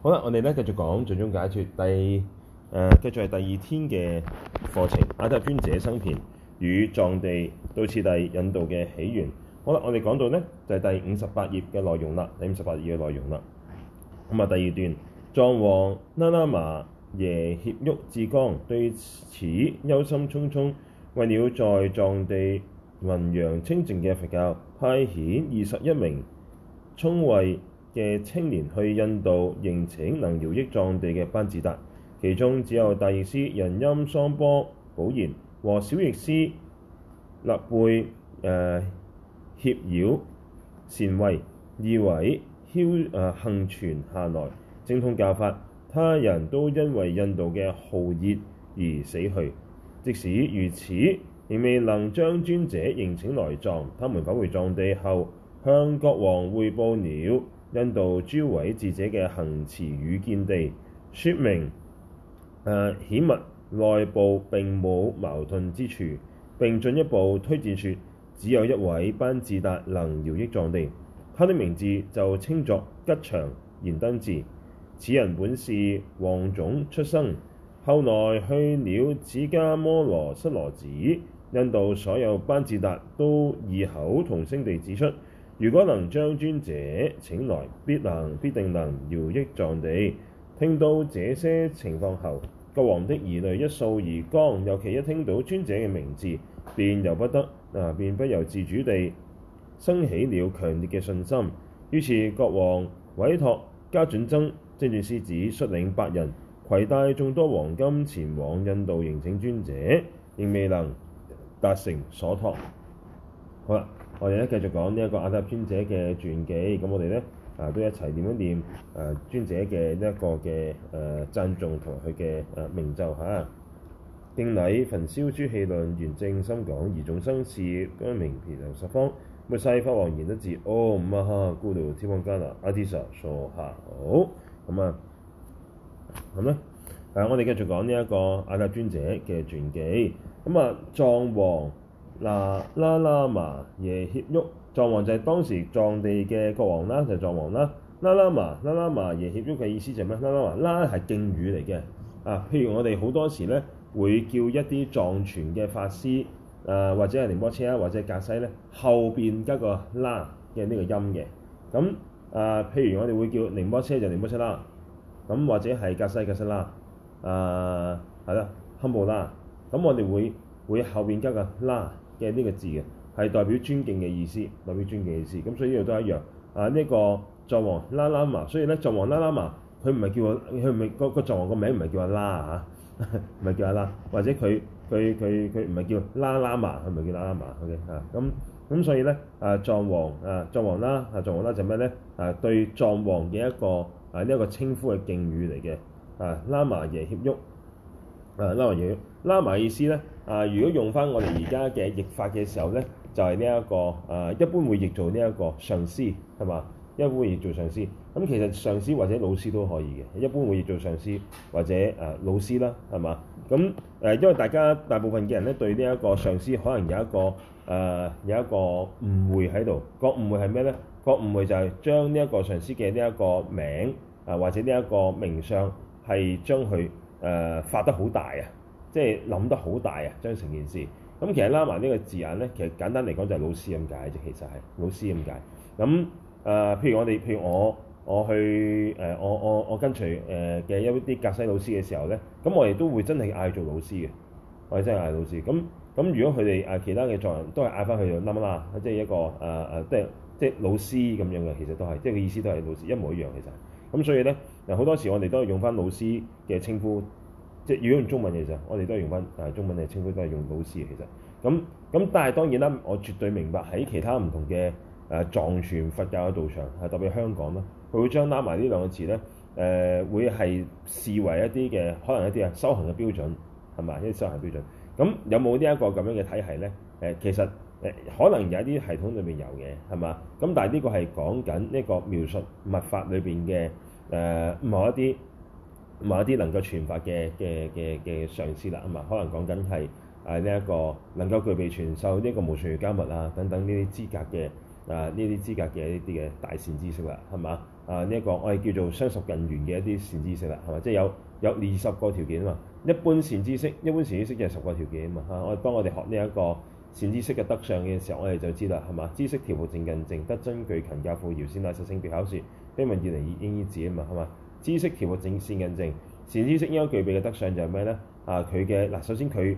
好啦，我哋咧繼續講最終解決第誒、呃，繼續係第二天嘅課程。阿達尊者生平與藏地道次第引導嘅起源。好啦，我哋講到咧就係、是、第五十八頁嘅內容啦，第五十八頁嘅內容啦。咁啊，第二段，藏王拉喇嘛耶協沃智光對此憂心忡忡，為了在藏地弘揚清淨嘅佛教，派遣二十一名聰慧嘅青年去印度迎請能饒益藏地嘅班智達，其中只有大譯師仁欽桑波寶賢和小譯師勒貝誒、呃、協繞善慧二位，竟能、呃、幸存下來，精通教法。他人都因為印度嘅酷熱而死去。即使如此，仍未能將尊者迎請來藏。他們返回藏地後，向國王彙報了。印度諸位智者嘅行持與見地，說明誒顯、啊、密內部並冇矛盾之處。並進一步推薦說，只有一位班智達能饒益藏地，他的名字就稱作吉祥燃燈智。此人本是王種出身，後來去了止迦摩羅室羅寺。印度所有班智達都異口同聲地指出。如果能將尊者請來，必能必定能饒益藏地。聽到這些情況後，國王的疑慮一掃而光。尤其一聽到尊者嘅名字，便由不得嗱、啊，便不由自主地生起了強烈嘅信心。於是國王委託嘉准僧精進獅子率領八人，攜帶眾多黃金前往印度迎請尊者，仍未能達成所託。好啦。我哋咧繼續講呢一個阿達尊者嘅傳記，咁我哋咧啊都一齊念一念誒、呃、尊者嘅呢一個嘅誒讚頌同埋佢嘅誒名咒嚇。敬禮，焚燒諸戲論，圓正心講，而眾生事，光明菩提十方，末西方王言得字，哦，瑪哈咕嚕天王加拿阿提沙娑哈，好，咁啊，咁咧、啊，誒、啊啊、我哋繼續講呢一個阿達尊者嘅傳記，咁啊藏王。嗱啦啦嘛耶協沃藏王就係當時藏地嘅國王啦，就係、是、藏王啦啦啦嘛喇喇嘛耶協沃嘅意思就係咩？啦啦嘛啦係敬語嚟嘅啊。譬如我哋好多時咧會叫一啲藏傳嘅法師啊、呃，或者係寧波車啦，或者格西咧後邊加個「啦」嘅呢個音嘅咁啊。譬如我哋會叫寧波車就寧波車啦。咁或者係格西格西喇啊，係啦堪布喇，咁我哋會會後邊加個「啦」。呃嘅呢個字嘅係代表尊敬嘅意思，代表尊敬嘅意思。咁所以呢度都係一樣。啊，呢個藏王喇喇嘛，所以咧藏王喇喇嘛，佢唔係叫佢，佢唔係個藏王個名唔係叫阿喇啊，唔係叫阿喇，或者佢佢佢佢唔係叫喇喇嘛，佢唔係叫喇喇嘛。OK 啊，咁咁所以咧，啊藏王啊，藏王啦，啊藏王啦就咩咧？啊，對藏王嘅一個啊呢一個稱呼嘅敬語嚟嘅啊。喇嘛耶協沃啊，喇嘛耶，喇嘛意思咧？啊！如果用翻我哋而家嘅譯法嘅時候咧，就係呢一個啊，一般會譯做呢一個上司，係嘛？一般會譯做上司。咁、啊、其實上司或者老師都可以嘅，一般會譯做上司或者啊老師啦，係嘛？咁誒、啊，因為大家大部分嘅人咧對呢一個上司可能有一個誒、啊、有一個誤會喺度。個誤會係咩咧？個誤會就係將呢一個上司嘅呢一個名啊或者呢一個名相係將佢誒、啊、發得好大啊！即係諗得好大啊，將成件事。咁其實拉埋呢個字眼咧，其實簡單嚟講就係老師咁解啫。其實係老師咁解。咁誒、呃，譬如我哋，譬如我，我去誒、呃，我我我跟隨誒嘅、呃、一啲格西老師嘅時候咧，咁我哋都會真係嗌做老師嘅，我哋真係嗌老師。咁咁如果佢哋誒其他嘅作人都係嗌翻佢做拉拉，即、就、係、是、一個誒誒，即係即係老師咁樣嘅，其實都係，即係個意思都係老師一模一樣其實。咁所以咧，好多時我哋都係用翻老師嘅稱呼。即係如果用中文嘅時候，我哋都係用翻，但係中文嘅稱呼都係用老師其實，咁咁但係當然啦，我絕對明白喺其他唔同嘅誒、呃、藏傳佛教嘅道場，係特別香港啦，佢會將拉埋呢兩個字咧，誒、呃、會係視為一啲嘅可能一啲啊修行嘅標準係咪？一啲修行嘅標準，咁有冇呢一個咁樣嘅體系咧？誒、呃、其實誒、呃、可能有一啲系統裏面有嘅係嘛？咁但係呢個係講緊呢個描述密法裏邊嘅誒唔同一啲。咁啊！一啲能夠傳法嘅嘅嘅嘅上司啦，啊嘛，可能講緊係呢一個能夠具備傳授呢、這個無上瑜伽密啊等等呢啲資格嘅啊呢啲資格嘅一啲嘅大善知識啦，係嘛，啊呢一、這個我哋叫做雙十近圓嘅一啲善知識啦，係嘛，即係有有二十個條件啊嘛，一般善知識一般善知識就十個條件啊嘛嚇，當我哋我哋學呢一個善知識嘅德相嘅時候，我哋就知啦係嘛，知識調和正人，正，得尊具勤教富謠先拉實性別考試，悲憫二零二二字啊嘛，係嘛。知識條目正線認證，善知識應該具備嘅德相就係咩咧？啊，佢嘅嗱首先佢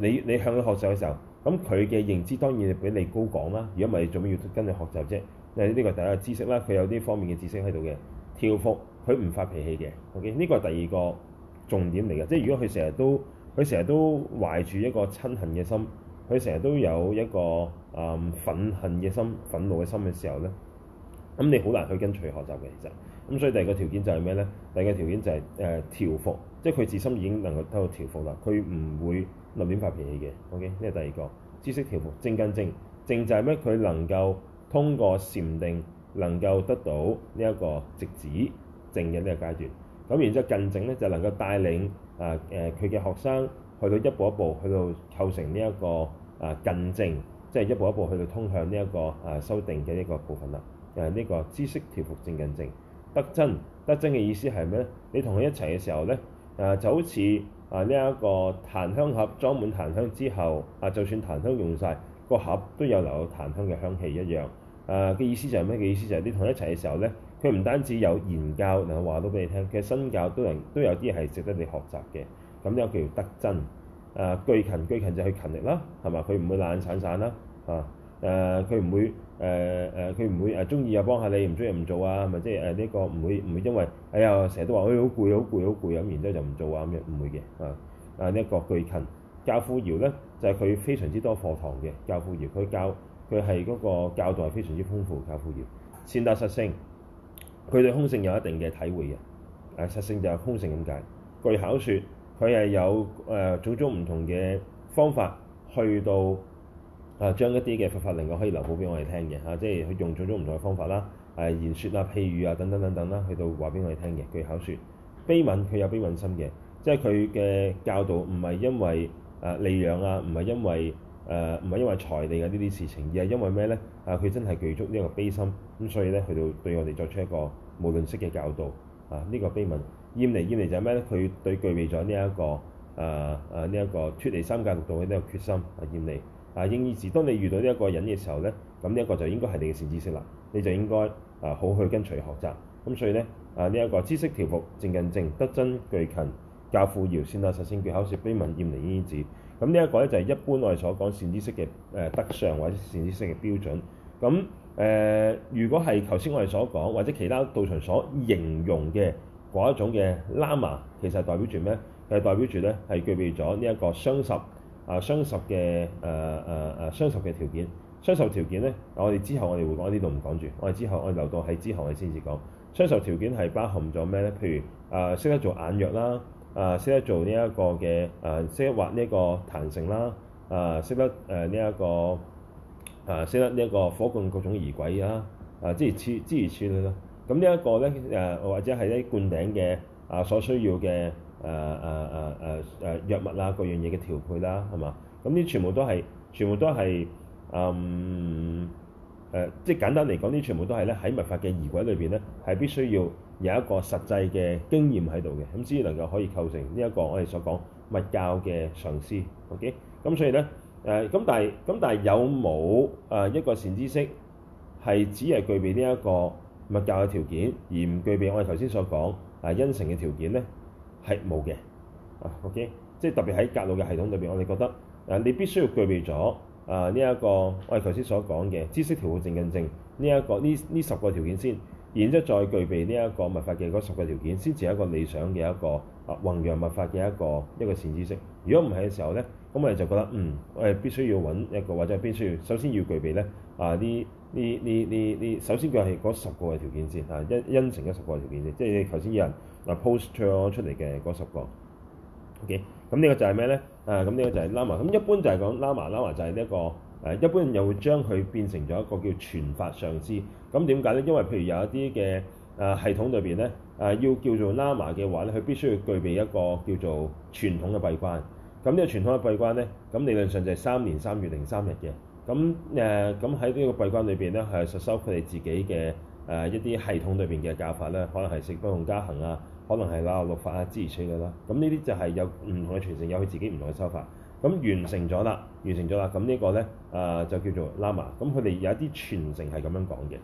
你你向佢學習嘅時候，咁佢嘅認知當然係比你高廣啦。如果唔係，做咩要跟你學習啫？因為呢個第一個知識啦，佢有呢方面嘅知識喺度嘅。調伏，佢唔發脾氣嘅，OK 呢個係第二個重點嚟嘅。即係如果佢成日都佢成日都懷住一個親恨嘅心，佢成日都有一個啊、嗯、憤恨嘅心、憤怒嘅心嘅時候咧，咁你好難去跟隨學習嘅其實。咁所以第二個條件就係咩咧？第二個條件就係誒調伏，即係佢自身已經能夠得到調伏啦。佢唔會立亂發脾氣嘅。OK，呢係第二個知識調伏正近正正就係咩？佢能夠通過禪定，能夠得到呢一個直指正嘅呢個階段。咁然之後近正咧，就能夠帶領啊誒佢嘅學生去到一步一步去到構成呢、這、一個啊、呃、近正，即、就、係、是、一步一步去到通向呢、這、一個啊修、呃、定嘅呢個部分啦。誒、呃、呢、這個知識調伏正近正。得真，得真嘅意思係咩咧？你同佢一齊嘅時候咧，誒就好似啊呢一個檀香盒裝滿檀香之後，啊就算檀香用晒，個盒都有留有檀香嘅香氣一樣。誒、啊、嘅意思就係咩？嘅意思就係你同佢一齊嘅時候咧，佢唔單止有言教能夠話到俾你聽，其實身教都能都有啲嘢係值得你學習嘅。咁咧叫做得真。誒，具勤，具勤就去勤力啦，係嘛？佢唔會懶散散啦，啊。誒佢唔會誒誒佢唔會誒中意啊幫下你，唔中意唔做啊，咪即係誒呢個唔會唔會因為哎呀成日都話誒好攰好攰好攰咁，然之後就唔做啊咁樣唔會嘅啊啊呢一個具勤教富饒咧就係、是、佢非常之多課堂嘅教富饒，佢教佢係嗰個教導係非常之豐富教富饒。善達實性，佢對空性有一定嘅體會嘅。誒、啊、實性就係空性咁解。具巧説，佢係有誒、呃、種種唔同嘅方法去到。啊！將一啲嘅佛法令我可以留保俾我哋聽嘅嚇、啊，即係佢用種種唔同嘅方法啦，誒、啊、言説啊、譬喻啊等等等等啦，去到話俾我哋聽嘅。譬如口説悲憫，佢有悲憫心嘅，即係佢嘅教導唔係因為誒利養啊，唔係因為誒唔係因為財利嘅呢啲事情，而係因為咩咧？啊，佢真係具足呢一個悲心咁，所以咧佢就對我哋作出一個無論識嘅教導啊。呢、這個悲憫厭離，厭離就係咩咧？佢對具備咗呢一個誒誒呢一個脱離三界六道嘅呢個決心啊，厭離。厭離啊！應依止，當你遇到呢一個人嘅時候咧，咁呢一個就應該係你嘅善知識啦，你就應該啊好去跟隨學習。咁所以咧啊，呢、這、一個知識調伏靜近靜德增具勤教富饒善達、啊。實性具巧說悲體離厭應依止。咁呢一個咧就係、是、一般我哋所講善知識嘅誒德相或者善知識嘅標準。咁誒、呃，如果係頭先我哋所講或者其他道場所形容嘅嗰一種嘅喇嘛，其實代表住咩？係代表住咧係具備咗呢一個雙十。啊！雙十嘅誒誒誒雙十嘅條件，雙十條件咧，我哋之後我哋會講，呢度唔講住，我哋之，之後我哋留到喺之後我哋先至講雙十條件係包含咗咩咧？譬如啊，識得做眼藥啦，啊識得做呢一個嘅啊識得畫呢個彈性啦，啊識得誒呢一個啊識、啊、得呢一個火罐各種儀軌啊，知知知而知而知而啊之而穿之而穿咯。咁呢一個咧誒或者係啲灌頂嘅啊所需要嘅。誒誒誒誒誒藥物啦，各樣嘢嘅調配啦，係嘛？咁呢，全部都係，嗯 uh, 全部都係，誒，即係簡單嚟講，呢，全部都係咧，喺佛法嘅儀軌裏邊咧，係必須要有一個實際嘅經驗喺度嘅，咁先能夠可以構成呢一個我哋所講佛教嘅常識。OK，咁所以咧，誒、呃，咁但係，咁但係有冇誒一個善知識係只係具備呢一個佛教嘅條件，而唔具備我哋頭先所講啊因成嘅條件咧？係冇嘅啊，OK，即係特別喺格魯嘅系統裏邊，我哋覺得誒，你必須要具備咗啊呢一個我哋頭先所講嘅知識條款證印證呢一個呢呢十個條件先，然之後再具備呢一個密法嘅嗰十個條件，先至係一個理想嘅一個啊宏揚密法嘅一個一個善知識。如果唔係嘅時候咧，咁我哋就覺得嗯，我哋必須要揾一個或者必須要首先要具備咧啊啲。呢呢呢呢，首先嘅係嗰十個嘅條件先吓，因因成嗰十個嘅條件先，即係你頭先有人嗱 post 咗出嚟嘅嗰十個，OK，咁呢個就係咩咧？啊，咁呢個就係喇嘛。咁一般就係講喇嘛，喇嘛就係呢一個誒，一般又會將佢變成咗一個叫傳法上師。咁點解咧？因為譬如有一啲嘅誒系統裏邊咧，誒、啊、要叫做喇嘛嘅話咧，佢必須要具備一個叫做傳統嘅閉關。咁呢個傳統嘅閉關咧，咁理論上就係三年三月零三日嘅。咁咁喺呢個閉關裏面，咧，係實修佢哋自己嘅、呃、一啲系統裏面嘅教法咧，可能係四不共加行啊，可能係喇嘛六法啊之類嘅、啊、啦。咁呢啲就係有唔同嘅傳承，有佢自己唔同嘅修法。咁完成咗啦，完成咗啦。咁呢個咧、呃、就叫做喇嘛。咁佢哋有一啲傳承係咁樣講嘅。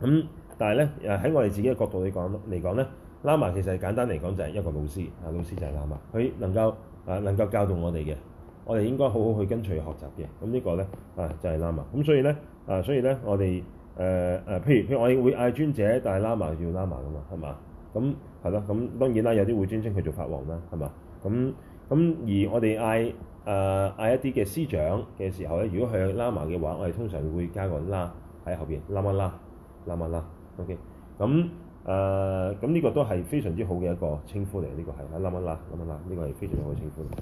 咁、嗯、但係咧喺我哋自己嘅角度嚟講嚟講咧，喇嘛其實簡單嚟講就係一個老師，啊，老師就係喇嘛，佢能夠誒、呃、能夠教導我哋嘅。我哋應該好好去跟隨學習嘅，咁呢個咧啊就係喇嘛，咁所以咧啊，所以咧我哋誒誒，譬如譬如我哋會嗌尊者，但係喇嘛叫喇嘛噶嘛，係嘛？咁係咯，咁當然啦，有啲會尊稱佢做法王啦，係嘛？咁咁而我哋嗌誒嗌一啲嘅師長嘅時候咧，如果佢係喇嘛嘅話，我哋通常會加個喇喺後邊喇嘛喇喇嘛喇，OK，咁誒咁呢個都係非常之好嘅一個稱呼嚟，呢個係喇嘛喇喇嘛喇，呢個係非常好嘅稱呼。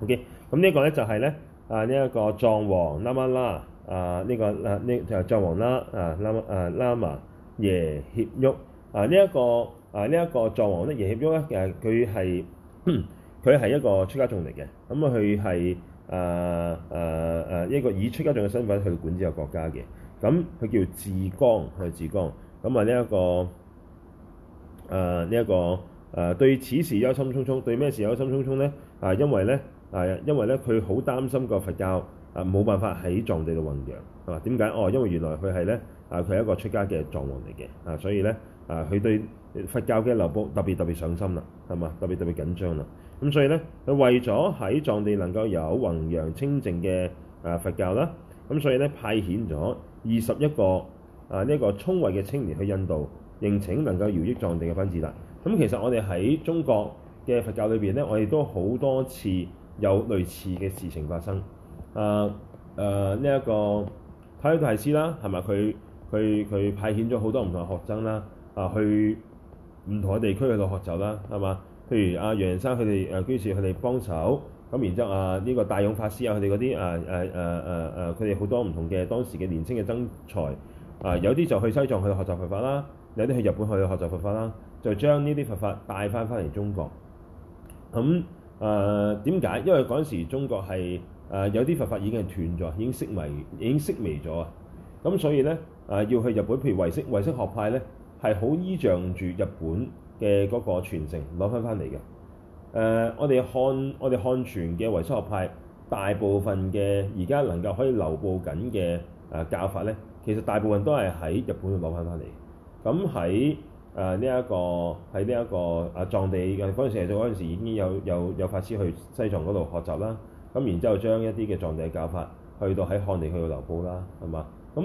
Ok，咁呢個咧就係、是、咧啊呢一個藏王喇嘛、啊這個啊啊、啦，啊呢個啊呢就藏王啦，啊喇嘛啊喇嘛耶協沃啊呢一、這個啊呢一、這個藏王咧耶協沃咧，誒佢係佢係一個出家眾嚟嘅，咁啊佢係誒誒誒一個以出家眾嘅身份去管治個國家嘅，咁、啊、佢叫智光，係智光，咁啊呢一個誒呢一個誒、啊、對此事憂心忡忡，對咩事憂心忡忡咧？啊，因為咧。係啊，因為咧佢好擔心個佛教啊，冇辦法喺藏地度弘揚係嘛？點解？哦，因為原來佢係咧啊，佢係一個出家嘅藏王嚟嘅啊，所以咧啊，佢對佛教嘅流布特別特別上心啦，係嘛？特別特別緊張啦。咁所以咧，佢為咗喺藏地能夠有弘揚清淨嘅啊佛教啦，咁所以咧派遣咗二十一個啊呢一個聰慧嘅青年去印度，迎請能夠饒益藏地嘅班智達啦。咁其實我哋喺中國嘅佛教裏邊咧，我哋都好多次，有類似嘅事情發生，誒誒呢一個，睇呢個大師啦，係咪？佢佢佢派遣咗好多唔同嘅學生啦，啊去唔同嘅地區去度學習啦，係嘛？譬如阿、啊、楊生佢哋誒於是佢哋幫手，咁然之後阿呢、啊這個大勇法師啊，佢哋嗰啲誒誒誒誒誒，佢哋好多唔同嘅當時嘅年輕嘅僧才，啊有啲就去西藏去學習佛法啦，有啲去日本去學習佛法啦，就將呢啲佛法帶翻翻嚟中國，咁。誒點解？因為嗰陣時中國係誒、呃、有啲佛法已經係斷咗，已經熄微已經息微咗啊！咁所以咧誒、呃、要去日本，譬如唯識唯識學派咧，係好依仗住日本嘅嗰個傳承攞翻翻嚟嘅。誒、呃，我哋漢我哋漢傳嘅唯識學派，大部分嘅而家能夠可以流布緊嘅誒教法咧，其實大部分都係喺日本度攞翻翻嚟。咁喺誒呢一個喺呢一個啊藏地嘅嗰陣時，其實嗰陣時已經有有有法師去西藏嗰度學習啦。咁然之後將一啲嘅藏地嘅教法去到喺漢地去到流布啦，係嘛？咁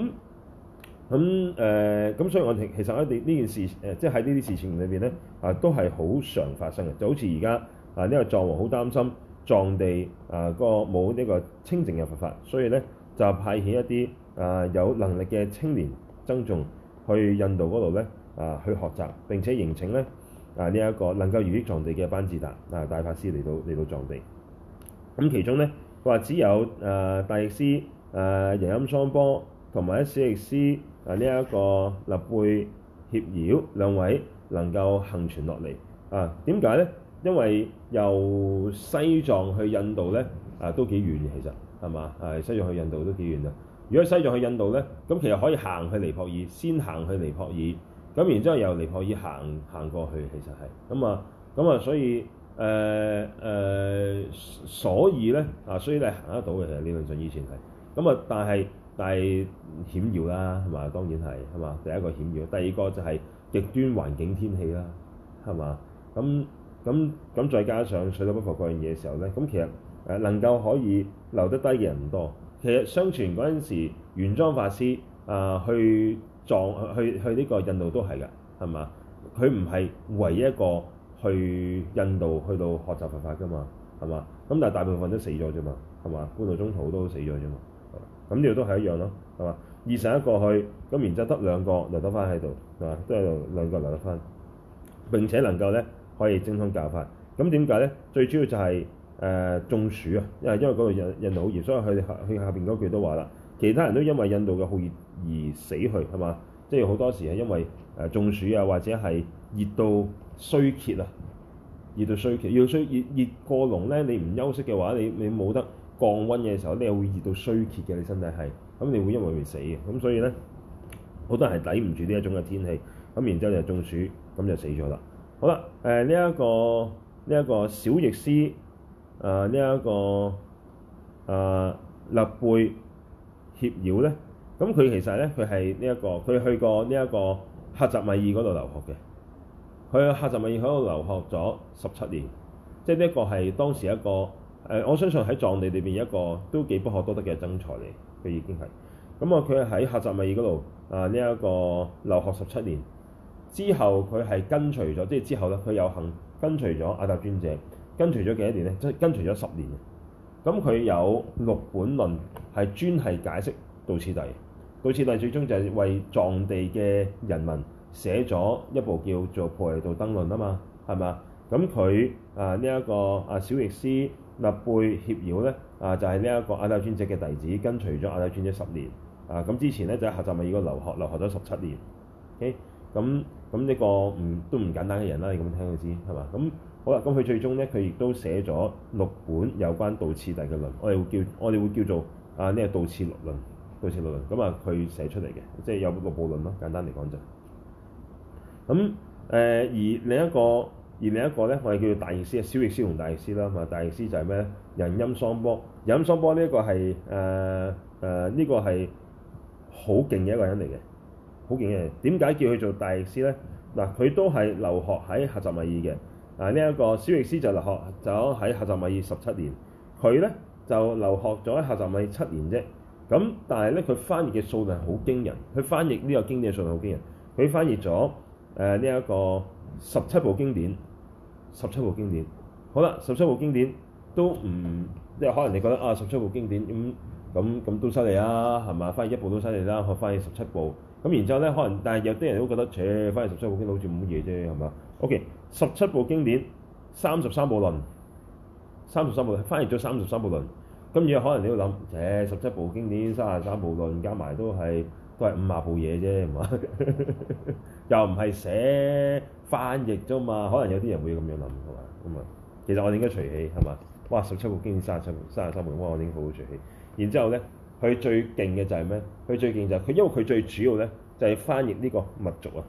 咁誒咁，呃、所以我哋其實我哋呢件事誒，即係喺呢啲事情裏邊咧，啊都係好常發生嘅。就好似而家啊呢、這個藏王好擔心藏地啊、那個冇呢個清淨嘅佛法，所以咧就派遣一啲啊有能力嘅青年僧眾去印度嗰度咧。啊，去學習並且迎請咧，啊呢一、這個能夠饒益藏地嘅班智達啊大法師嚟到嚟到藏地。咁其中咧佢話只有誒、呃、大譯師誒仁欽桑波同埋咧小譯師誒呢一個勒貝協繞兩位能夠幸存落嚟啊？點解咧？因為由西藏去印度咧啊都幾遠嘅，其實係嘛啊？西藏去印度都幾遠啊！如果西藏去印度咧，咁其實可以行去尼泊爾，先行去尼泊爾。咁然之後又尼泊爾行行過去，其實係咁啊，咁、呃呃、啊，所以誒誒，所以咧啊，所以咧行得到嘅其實理論上以前係，咁啊，但係但係險要啦，係嘛？當然係，係嘛？第一個險要，第二個就係極端環境天氣啦，係嘛？咁咁咁再加上水土不服嗰樣嘢嘅時候咧，咁其實誒能夠可以留得低嘅人唔多。其實相傳嗰陣時，玄奘法師啊、呃、去。藏去去呢個印度都係㗎，係嘛？佢唔係唯一一個去印度去到學習佛法㗎嘛，係嘛？咁但係大部分都死咗啫嘛，係嘛？半路中途都死咗啫嘛，咁呢度都係一樣咯，係嘛？二十一個去，咁然之後得兩個留得翻喺度，係嘛？都喺度兩個留得翻，並且能夠咧可以精通教法。咁點解咧？最主要就係、是、誒、呃、中暑啊，因為因為嗰度印印度好熱，所以佢下佢下邊嗰句都話啦。其他人都因為印度嘅酷熱而死去，係嘛？即係好多時係因為誒、呃、中暑啊，或者係熱到衰竭啊，熱到衰竭，要衰熱熱過濃咧，你唔休息嘅話，你你冇得降溫嘅時候，你又會熱到衰竭嘅，你身體係咁，你會因為會死嘅。咁所以咧，好多人係抵唔住呢一種嘅天氣，咁然之後你就中暑，咁就死咗啦。好啦，誒呢一個呢一、這個小譯師，誒呢一個誒、呃、勒貝。協繞咧，咁佢其實咧，佢係呢一個，佢去過呢一個克什米爾嗰度留學嘅，佢喺克什米爾喺度留學咗十七年，即係呢一個係當時一個誒，我相信喺藏地裏邊一個都幾不可多得嘅珍才嚟，佢已經係，咁啊佢喺克什米爾嗰度啊呢一個留學十七年之後，佢係跟隨咗，即係之後咧，佢有幸跟隨咗阿達尊者，跟隨咗幾多年咧？即係跟隨咗十年。咁佢有六本論係專係解釋《道次第》，《道次第》最終就係為藏地嘅人民寫咗一部叫做《菩提道燈論》啊嘛，係嘛？咁佢啊呢一個啊小譯師勒貝協繞咧啊就係呢一個阿底峽尊者嘅弟子，跟隨咗阿底峽尊者十年啊，咁之前咧就喺夏藏咪要個留學，留學咗十七年，OK，咁咁呢個唔都唔簡單嘅人啦，你咁聽就知係嘛？咁。好啦，咁佢最終咧，佢亦都寫咗六本有關道次第嘅論，我哋會叫我哋會叫做啊呢個道次六論，道次六論咁啊，佢寫出嚟嘅，即係有六部論咯，簡單嚟講就咁誒。而另一個而另一個咧，我哋叫做大譯師啊，小譯師同大譯師啦，嘛大譯師就係咩咧？仁欽桑波，仁欽桑波呢一個係誒誒呢個係好勁嘅一個人嚟嘅，好勁嘅人。點解叫佢做大譯師咧？嗱，佢都係留學喺喀什米爾嘅。啊！呢一個小譯師就留學咗喺下集米二十七年。佢咧就留學咗喺下集米七年啫。咁但係咧，佢翻譯嘅數量好驚人。佢翻譯呢個經典嘅數量好驚人。佢翻譯咗誒呢一個十七部經典，十七部經典。好啦，十七部經典都唔即係可能你覺得啊，十七部經典咁咁咁都犀利啦，係嘛？翻譯一部都犀利啦，可翻譯十七部。咁然之後咧，可能但係有啲人都覺得，扯翻譯十七部經好似冇乜嘢啫，係嘛？O K，十七部經典，三十三部論，三十三部翻譯咗三十三部論，咁而有可能你要諗，扯十七部經典，三十三部論加埋都係都係五啊部嘢啫，係嘛？ 又唔係寫翻譯啫嘛，可能有啲人會咁樣諗，係嘛？咁啊，其實我哋應該隨喜，係嘛？哇，十七部經典，三十七部，三十三部論，哇！我應該好好隨喜。然之後咧。佢最勁嘅就係咩？佢最勁就係佢，因為佢最主要咧就係、是、翻譯呢個密續啊。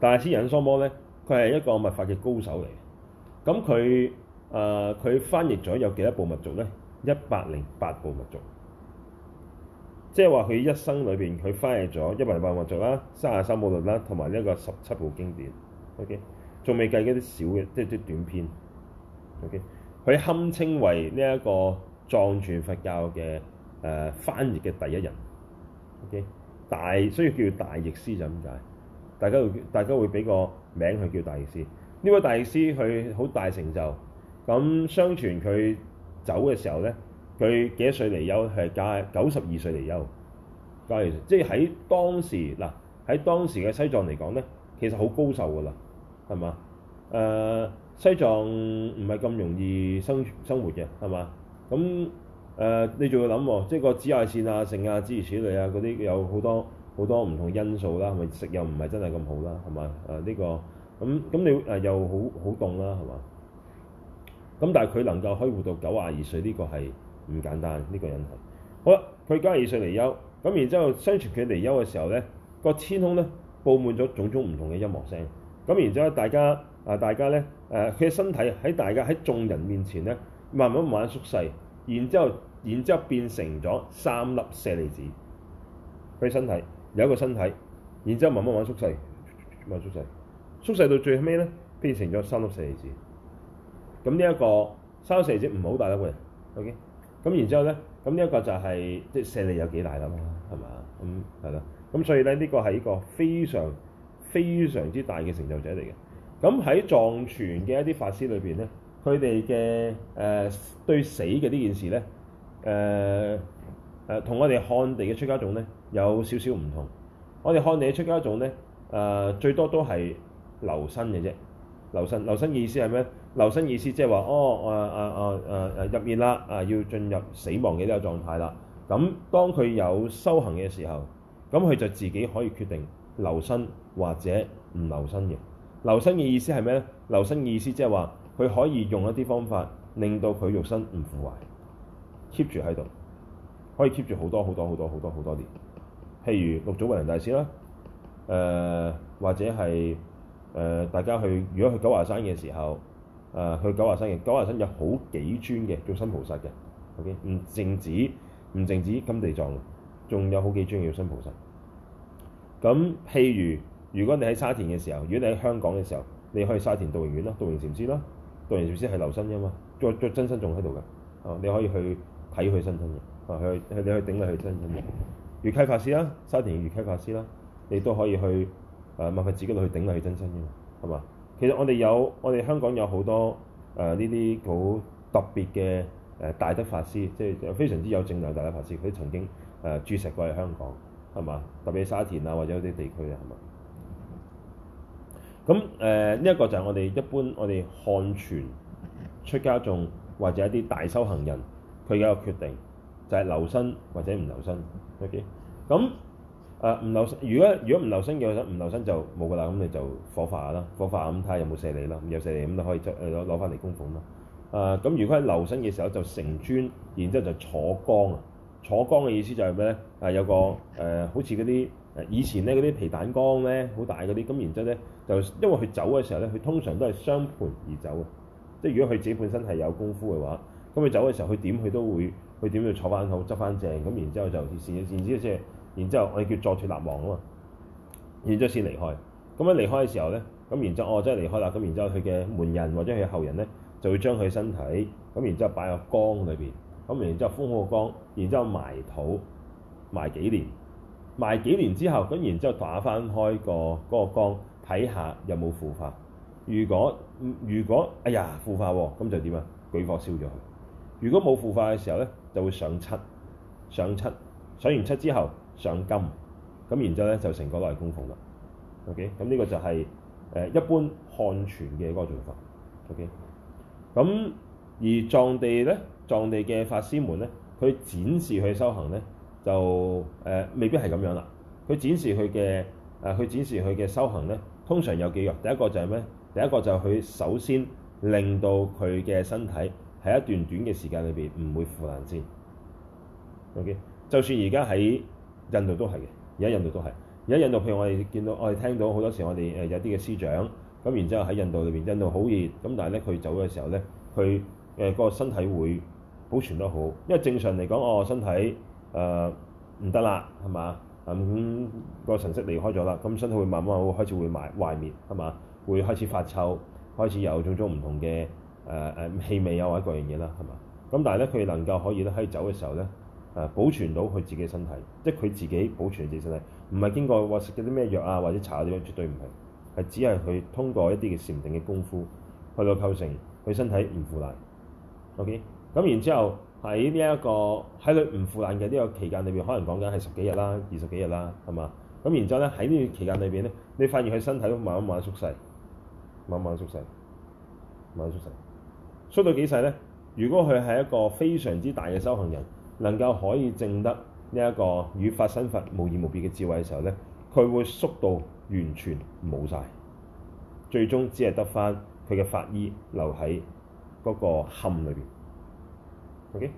大譯師仁欽桑波咧，佢係一個密法嘅高手嚟嘅。咁佢誒佢翻譯咗有幾多部密續咧？一百零八部密續，即係話佢一生裏邊佢翻譯咗一百零八部密續啦、三十三部論啦，同埋呢一個十七部經典。O.K.，仲未計嗰啲少嘅，即係啲短篇。O.K.，佢堪稱為呢、這、一個。藏傳佛教嘅誒、呃、翻譯嘅第一人，OK 大，所以叫大譯師就咁解。大家會大家會俾個名佢叫大譯師。呢位大譯師佢好大成就。咁相傳佢走嘅時候咧，佢幾多歲離休？係介九十二歲離休。介即係喺當時，嗱，喺當時嘅西藏嚟講咧，其實好高壽㗎啦，係嘛誒？西藏唔係咁容易生存生活嘅，係嘛？咁、呃、你仲要諗喎？即係個紫外線啊、性啊、之類之類啊嗰啲，有好多好多唔同因素啦、啊。係咪食又唔係真係咁好啦、啊？係嘛？呢、呃呢個咁咁你又好好凍啦？係嘛、啊？咁但係佢能夠可以活到九廿二歲，呢、呢個係唔簡單呢、呢個人係好啦，佢九廿二歲離休，咁然之後相傳佢離休嘅時候咧，個天空咧佈滿咗種種唔同嘅音樂聲。咁然之後，後大家啊、呃，大家咧誒，佢嘅身體喺大家喺眾人面前咧。慢慢慢慢縮細，然之後，然之後變成咗三粒舍利子。佢身體有一個身體，然之後慢慢慢慢縮細，慢慢縮細，縮細到最尾咧，變成咗三粒舍利子。咁呢一個三粒舍利子唔係好大粒嘅，OK。咁然之後咧，咁呢一個就係即係舍利有幾大粒啊？係嘛？咁係啦。咁所以咧，呢個係一個非常非常之大嘅成就者嚟嘅。咁喺藏傳嘅一啲法師裏邊咧。佢哋嘅誒對死嘅呢件事咧，誒、呃、誒，呃、我們的點點同我哋漢地嘅出家眾咧，有少少唔同。我哋漢地嘅出家眾咧，誒最多都係留身嘅啫。留身留身意思係咩咧？留身嘅意思即係話，哦誒誒誒誒誒入面啦，啊要進入死亡嘅呢個狀態啦。咁當佢有修行嘅時候，咁佢就自己可以決定留身或者唔留身嘅。留身嘅意思係咩咧？留身嘅意思即係話。佢可以用一啲方法令到佢肉身唔腐壞，keep 住喺度，可以 keep 住好多好多好多好多好多好多年。譬如六祖慧能大師啦，誒、呃、或者係誒、呃、大家去，如果去九華山嘅時候，誒、呃、去九華山嘅九華山有好幾尊嘅肉身菩薩嘅，OK 唔淨止唔淨止金地藏，仲有好幾尊嘅肉身菩薩。咁譬如如果你喺沙田嘅時候，如果你喺香港嘅時候，你可去沙田道榮園啦，道榮禪師啦。度人師師係留身噶嘛，着再真身仲喺度噶。啊你可以去睇佢真身嘅，啊去去你可以頂佢佢真身嘅，月溪法師啦，沙田嘅月溪法師啦，你都可以去誒萬佛寺自己去頂佢真身嘛？係嘛？其實我哋有我哋香港有好多誒呢啲好特別嘅，誒、呃、大德法師，即係非常之有正能量大、大德法師，佢曾經誒駐錫過喺香港，係嘛？特別沙田啊或者有啲地區啊，係嘛？咁呢一個就係我哋一般我哋漢傳出家眾或者一啲大修行人佢有一個決定，就係留身或者唔留身。OK，咁唔、呃、留身，如果如果唔留身嘅話，唔留身就冇㗎啦。咁你就火化啦，火化咁睇下有冇舍利啦？有舍利咁就可以攞攞翻嚟供奉啦。誒、呃、咁如果係留身嘅時候，就成尊，然之後就坐缸啊。坐缸嘅意思就係咩咧？有個、呃、好似嗰啲。以前咧嗰啲皮蛋缸咧好大嗰啲，咁然之後咧就因為佢走嘅時候咧，佢通常都係雙盤而走嘅，即係如果佢自己本身係有功夫嘅話，咁佢走嘅時候佢點佢都會，佢點要坐翻好執翻正，咁然之後就先，然之後即係，然之後，然後我哋叫作脫立亡啊嘛，然之後先離開。咁樣離開嘅時候咧，咁然之後哦即係離開啦，咁然之後佢嘅門人或者佢嘅後人咧，就會將佢身體，咁然之後擺入缸裏邊，咁然之後封好個缸，然之後埋土埋幾年。埋幾年之後，咁然之後打翻開個嗰個缸睇下有冇腐化。如果如果哎呀腐化喎，咁就點啊？舉火燒咗佢。如果冇、哎、腐化嘅時候咧，就會上漆、上漆、上完漆之後上金，咁然之後咧就成個攞嚟供奉啦。OK，咁呢個就係一般漢傳嘅嗰個做法。OK，咁而藏地咧，藏地嘅法師們咧，佢展示佢修行咧。就誒、呃，未必係咁樣啦。佢展示佢嘅誒，佢、呃、展示佢嘅修行咧，通常有幾個。第一個就係咩？第一個就係佢首先令到佢嘅身體喺一段短嘅時間裏邊唔會腐爛先。OK，就算而家喺印度都係嘅，而家印度都係，而家印度譬如我哋見到，我哋聽到好多時候我哋，我哋誒有啲嘅師長咁，然之後喺印度裏邊，印度好熱咁，但係咧佢走嘅時候咧，佢誒個身體會保存得很好，因為正常嚟講、哦，我身體。誒唔得啦，係嘛、呃？咁、嗯，那個神識離開咗啦，咁身體會慢慢會開始會埋壞滅，係嘛？會開始發臭，開始有種種唔同嘅誒誒氣味啊，或者各樣嘢啦，係嘛？咁但係咧，佢能夠可以咧喺走嘅時候咧，誒、呃、保存到佢自己身體，即係佢自己保存自己身體，唔係經過話食咗啲咩藥啊，或者搽咗啲咩，絕對唔係，係只係佢通過一啲嘅禪定嘅功夫去到構成佢身體唔腐爛。OK，咁然之後。喺呢一個喺佢唔腐爛嘅呢個期間裏邊，可能講緊係十幾日啦、二十幾日啦，係嘛？咁然之後咧，喺呢段期間裏邊咧，你發現佢身體都慢慢慢慢縮細，慢慢縮細，慢慢縮細，縮到幾細咧？如果佢係一個非常之大嘅修行人，能夠可以證得呢一個與法身佛無二無別嘅智慧嘅時候咧，佢會縮到完全冇晒，最終只係得翻佢嘅法衣留喺嗰個龕裏邊。嘅，okay.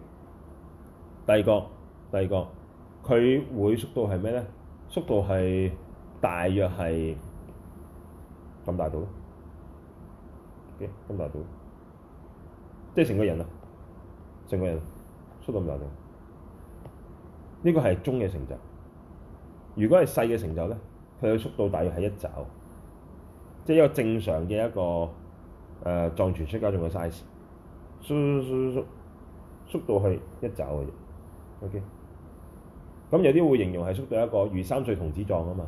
第二個，第二個，佢會縮到係咩咧？縮到係大約係咁大度咯，咁、okay. 大度，即係成個人啊，成個人縮到咁大度。呢個係中嘅成就。如果係細嘅成就咧，佢嘅速度大約係一爪，即係一個正常嘅一個誒藏傳出家仲嘅 size，縮到去一爪嘅啫，OK。咁有啲會形容係縮到一個如三歲童子狀啊嘛，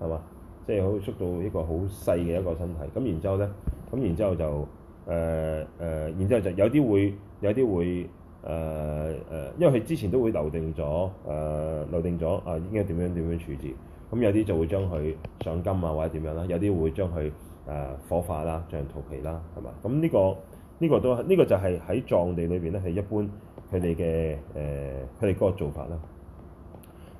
係嘛？即係好縮到一個好細嘅一個身體。咁然之後咧，咁然之後就誒誒、呃呃，然之後就有啲會有啲會誒誒、呃呃，因為佢之前都會留定咗誒、呃、留定咗啊、呃，應該點樣點樣處置？咁有啲就會將佢上金啊或者點樣啦，有啲會將佢誒、呃、火化啦，將人屠皮啦，係嘛？咁呢、呢個。呢個都呢個就係喺藏地裏邊咧，係一般佢哋嘅誒佢哋嗰個做法啦。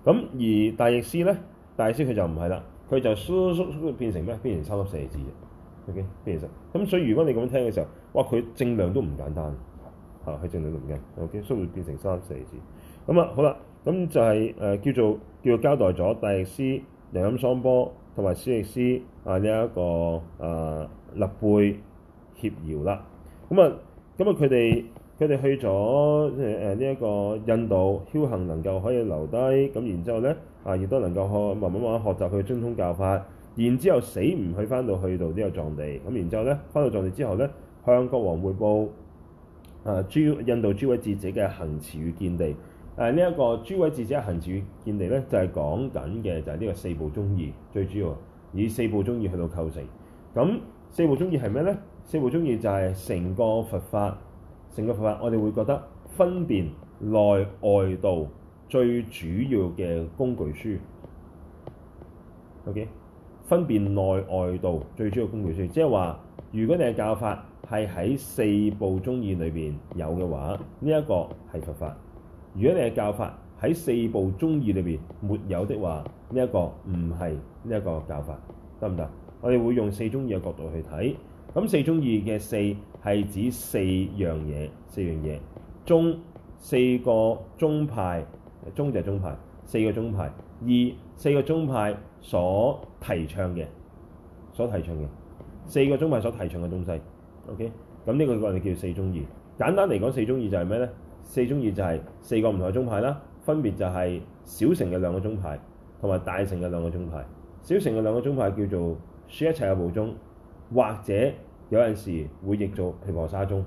咁而大譯師咧，大譯師佢就唔係啦，佢就縮縮縮變成咩？變成三粒四字嘅。O.K. 變成咁，所以如果你咁樣聽嘅時候，哇！佢正量都唔簡單嚇，佢正量都唔緊。O.K. 縮變成三粒四字咁啊，好啦、就是，咁就係誒叫做叫做交代咗大譯師仁欽桑波同埋細譯師啊呢一、這個啊勒貝協繞啦。咁啊，咁啊，佢哋佢哋去咗呢一個印度，僥倖能夠可以留低，咁然之後咧啊，亦都能夠慢慢慢，慢學習佢嘅精通教法，然之後死唔去翻到去到呢個藏地，咁然之後咧，翻到藏地之後咧，向國王匯報啊，諸印度諸位智者嘅行持與見地，誒、啊這個、呢一個諸位智者嘅行持與見地咧，就係講緊嘅就係呢個四部宗義。最主要以四部宗義去到構成，咁四部宗義係咩咧？四部中義就係成個佛法，成個佛法，我哋會覺得分辨內外道最主要嘅工具書。OK，分辨內外道最主要的工具書，即係話，如果你嘅教法係喺四部中義裏邊有嘅話，呢一個係佛法；如果你嘅教法喺四部中義裏邊沒有的話，呢、這、一個唔係呢一個教法，得唔得？我哋會用四中義嘅角度去睇。咁四宗義嘅四係指四樣嘢，四樣嘢宗四個宗派，宗就係宗派，四個宗派義四個宗派所提倡嘅，所提倡嘅四個宗派所提倡嘅東西。OK，咁呢個我哋叫四宗義。簡單嚟講，四宗義就係咩咧？四宗義就係四個唔同嘅宗派啦，分別就係小乘嘅兩個宗派同埋大乘嘅兩個宗派。小乘嘅兩個宗派叫做說一切嘅有部宗。或者有陣時會譯做毘婆沙宗，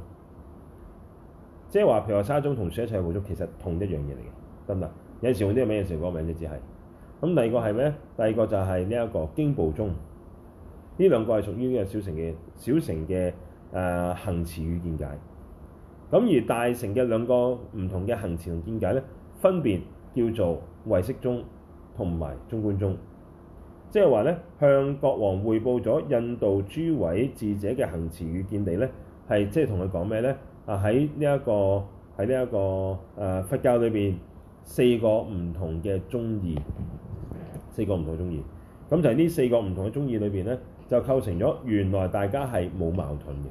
即係話毘婆沙宗同小乘嘅佛其實同一樣嘢嚟嘅，得唔得？有陣時用呢個名，有陣時用嗰個名，只係。咁第二個係咩咧？第二個就係呢一個經部宗，呢兩個係屬於呢個小乘嘅小乘嘅、呃、行持與見解。咁而大乘嘅兩個唔同嘅行持同見解咧，分別叫做唯識宗同埋中觀宗即係話咧，向國王匯報咗印度諸位智者嘅行持與見地咧，係即係同佢講咩咧？啊，喺呢一個喺呢一個誒佛教裏邊，四個唔同嘅宗義。四個唔同嘅宗義。咁就係呢四個唔同嘅宗義裏邊咧，就構成咗原來大家係冇矛盾嘅。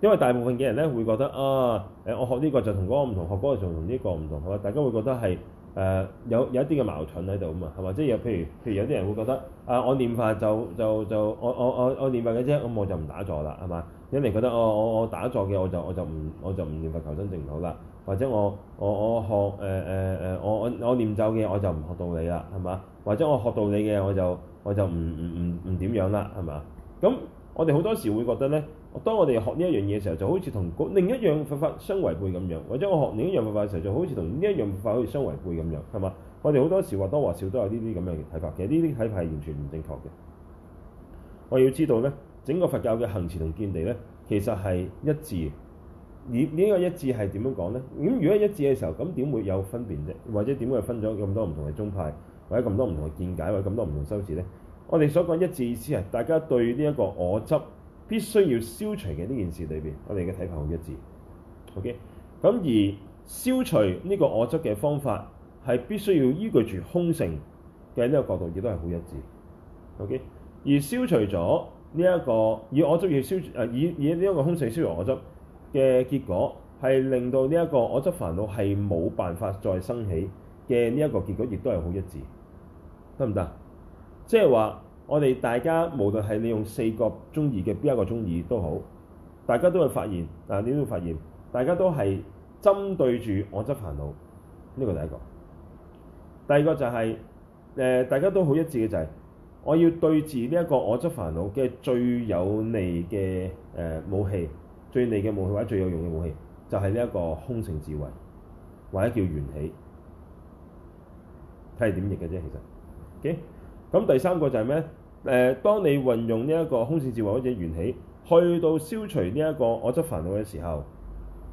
因為大部分嘅人咧會覺得啊，誒我學呢個就同嗰個唔同，學嗰個就同呢個唔同，係咪？大家會覺得係。誒、呃、有有一啲嘅矛盾喺度啊嘛，係嘛？即係有譬如譬如有啲人會覺得啊，我念法就就就，就我我我我念法嘅啫，咁我就唔打坐啦，係嘛？因為覺得我我我打坐嘅我就我就唔我就唔念佛求生淨土啦，或者我我我學誒誒誒我我我唸咒嘅我就唔學道理啦，係嘛？或者我學道理嘅我就我就唔唔唔唔點樣啦，係嘛？咁我哋好多時會覺得咧。當我哋學呢一樣嘢嘅時候，就好似同另一樣佛法相違背咁樣；或者我學另一樣佛法嘅時候，就好似同呢一樣佛法好似相違背咁樣，係嘛？我哋好多時或多或少都有呢啲咁嘅睇法。其實呢啲睇法係完全唔正確嘅。我要知道咧，整個佛教嘅行持同見地咧，其實係一致。而呢個一致係點樣講咧？咁如果一致嘅時候，咁點會有分別啫？或者點會分咗咁多唔同嘅宗派，或者咁多唔同嘅見解，或者咁多唔同修持咧？我哋所講一致意思係大家對呢一個我執，必須要消除嘅呢件事裏邊，我哋嘅睇法好一致。OK，咁而消除呢個我執嘅方法係必須要依據住空性嘅呢個角度，亦都係好一致。OK，而消除咗呢一個、OK? 而消除咗呢一個以我執要消除，誒、啊、以以呢一個空性消除我執嘅結果，係令到呢一個我執煩惱係冇辦法再生起嘅呢一個結果，亦都係好一致。得唔得？即係話。我哋大家，無論係你用四個宗義嘅邊一個宗義都好，大家都會發現，嗱，你都會發現，大家都係針對住我執煩惱，呢個第一個。第二個就係，呃，大家都好一致嘅就係，我要對治呢一個我執煩惱嘅最有利嘅、呃、武器，最利嘅武器或者最有用嘅武器，就係呢一個空性智慧，或者叫緣起，睇係點譯嘅啫，其實，okay? 咁第三個就係咩？誒、呃，當你運用呢一個空性智慧或者緣起，去到消除呢一個我執煩惱嘅時候，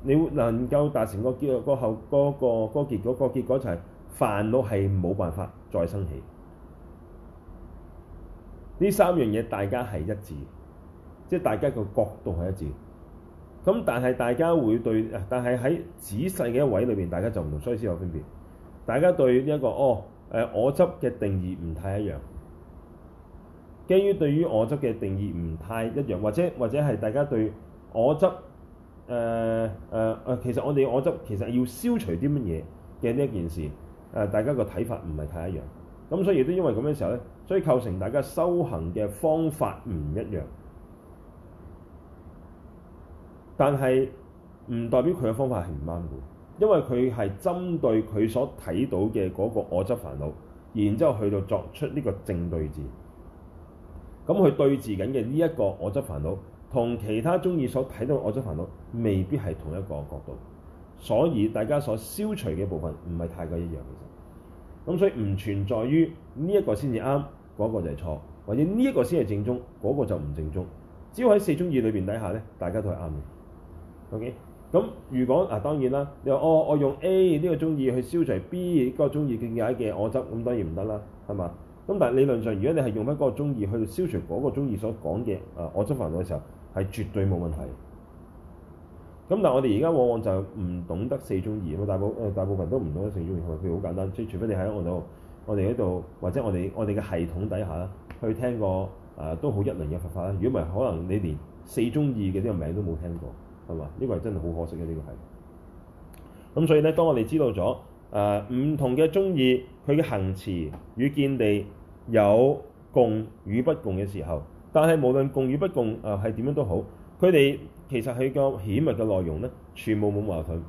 你能夠達成那個結，個後嗰個嗰個果，個結果就係煩惱係冇辦法再生起。呢三樣嘢大家係一致，即係大家個角度係一致。咁但係大家會對，但係喺仔細嘅一位裏邊，大家就唔同，所以先有分別。大家對呢、這、一個哦。誒、呃，我執嘅定義唔太一樣，基於對於我執嘅定義唔太一樣，或者或者係大家對我執誒誒誒，其實我哋我執其實要消除啲乜嘢嘅呢一件事，誒、呃，大家個睇法唔係太一樣，咁所以亦都因為咁嘅時候咧，所以構成大家修行嘅方法唔一樣，但係唔代表佢嘅方法係唔啱嘅。因為佢係針對佢所睇到嘅嗰個我執煩惱，然之後去到作出呢個正對治，咁佢對治緊嘅呢一個我執煩惱，同其他宗義所睇到我執煩惱未必係同一個角度，所以大家所消除嘅部分唔係太過一樣，其實咁所以唔存在於呢一個先至啱，嗰、那個就係錯，或者呢一個先係正宗，嗰、那個就唔正宗。只要喺四宗義裏邊底下呢，大家都係啱嘅。OK。咁如果嗱、啊、當然啦，你話我、哦、我用 A 呢個宗義去消除 B 嗰個宗義見解嘅我執，咁當然唔得啦，係嘛？咁但係理論上，如果你係用翻嗰個宗義去消除嗰個宗義所講嘅啊我執煩惱嘅時候，係絕對冇問題。咁但係我哋而家往往就唔懂得四宗義，咁大部、呃、大部分都唔懂得四宗義。譬如好簡單，即係除非你喺我度，我哋喺度，或者我哋我哋嘅系統底下去聽過啊，都好一輪嘅佛法啦。如果唔係，可能你連四宗義嘅呢個名都冇聽過。係嘛？呢、這個係真係好可惜嘅、啊，呢、這個係。咁所以咧，當我哋知道咗誒唔同嘅宗義佢嘅行持與見地有共與不共嘅時候，但係無論共與不共誒係點樣都好，佢哋其實佢個顯密嘅內容咧，全部冇矛盾，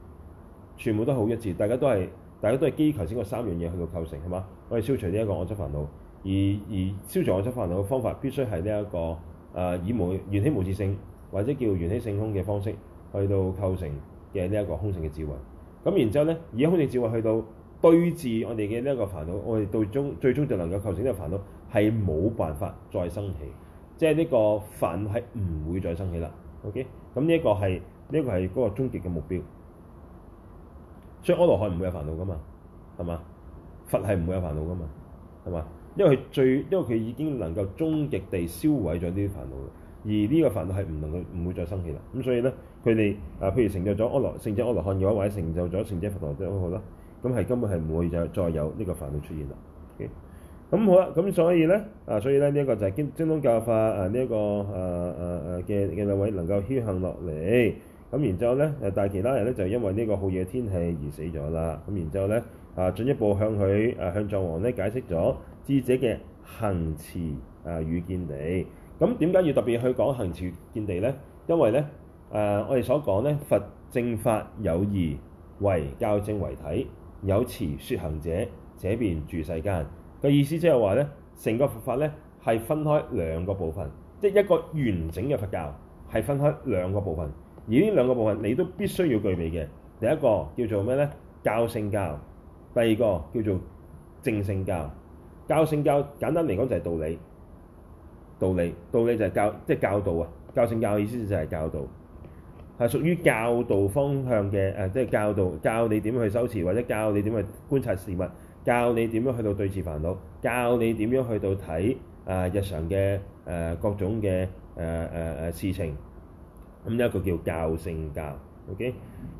全部都好一致。大家都係大家都係基於頭先個三樣嘢去到構成係嘛？我哋消除呢一個我執煩惱，而而消除我執煩惱嘅方法必須係呢一個誒、呃、以無緣起無自性。或者叫緣起性空嘅方式去到構成嘅呢一個空性嘅智慧，咁然之後咧，以空性智慧去到對治我哋嘅呢一個煩惱，我哋到終最終就能夠構成呢個煩惱係冇辦法再生起，即係呢個煩惱係唔會再生起啦。OK，咁呢一個係呢一個係嗰個終極嘅目標，所以阿羅漢唔會有煩惱噶嘛，係嘛？佛係唔會有煩惱噶嘛，係嘛？因為佢最因為佢已經能夠終極地燒毀咗呢啲煩惱。而呢個煩惱係唔能夠唔會再生起啦，咁所以咧，佢哋啊，譬如成就咗阿羅聖者阿羅漢嘅話，或者成就咗聖者佛道都好話咧，咁係根本係唔會再再有呢個煩惱出現啦。咁、okay? 好啦、啊，咁所以咧啊，所以咧呢一個就係精通教化、這個、啊呢一個嘅嘅兩位能夠僥倖落嚟，咁然之後咧啊，但係其他人咧就因為呢個酷熱嘅天氣而死咗啦，咁然之後咧啊進一步向佢、啊、向藏王咧解釋咗智者嘅行持啊與見地。咁點解要特別去講行持見地呢？因為呢，誒、呃，我哋所講呢，佛正法有義為教正為體，有持說行者，此便住世間嘅意思，即係話呢，成個佛法呢係分開兩個部分，即係一個完整嘅佛教係分開兩個部分，而呢兩個部分你都必須要具備嘅，第一個叫做咩呢？教性教，第二個叫做正性教。教性教簡單嚟講就係道理。道理，道理就係教，即係教導啊，教性教嘅意思就係教導係屬於教導方向嘅誒、啊，即係教導教你點去修持，或者教你點去觀察事物，教你點樣去到對治煩惱，教你點樣去到睇啊日常嘅誒、啊、各種嘅誒誒誒事情。咁一個叫教性教，OK。